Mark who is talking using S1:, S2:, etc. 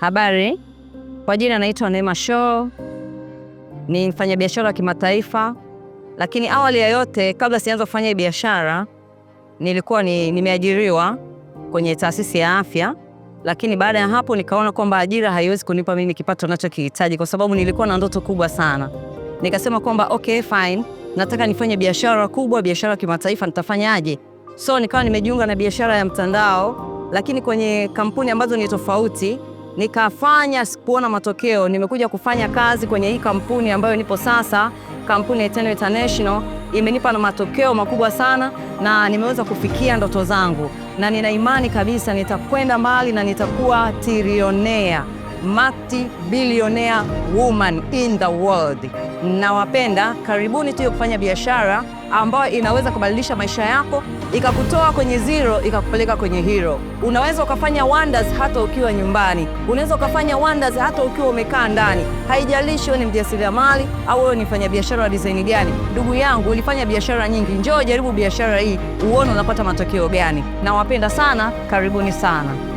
S1: Habari, kwa jina naitwa Neema Show, ni mfanyabiashara wa kimataifa, lakini awali ya yote, kabla sianza kufanya biashara, nilikuwa ni, nimeajiriwa kwenye taasisi ya afya, lakini baada ya hapo nikaona kwamba ajira haiwezi kunipa mimi kipato ninachokihitaji, kwa sababu nilikuwa na ndoto kubwa sana. Nikasema kwamba okay, fine, nataka nifanye biashara kubwa, biashara kimataifa, nitafanyaje? So nikawa nimejiunga na biashara ya mtandao, lakini kwenye kampuni ambazo ni tofauti nikafanya, sikuona matokeo. Nimekuja kufanya kazi kwenye hii kampuni ambayo nipo sasa, kampuni ya Eternal International imenipa na matokeo makubwa sana, na nimeweza kufikia ndoto zangu, na nina imani kabisa nitakwenda mbali na nitakuwa tirionea multi-billionaire woman in the world. Nawapenda, karibuni tuyo kufanya biashara ambayo inaweza kubadilisha maisha yako, ikakutoa kwenye zero ikakupeleka kwenye hero. Unaweza ukafanya wonders hata ukiwa nyumbani, unaweza ukafanya wonders hata ukiwa umekaa ndani. Haijalishi wewe ni mjasiriamali au wewe ni biashara wa design gani. Ndugu yangu, ulifanya biashara nyingi, njoo jaribu biashara hii uone unapata matokeo gani. Nawapenda sana, karibuni sana.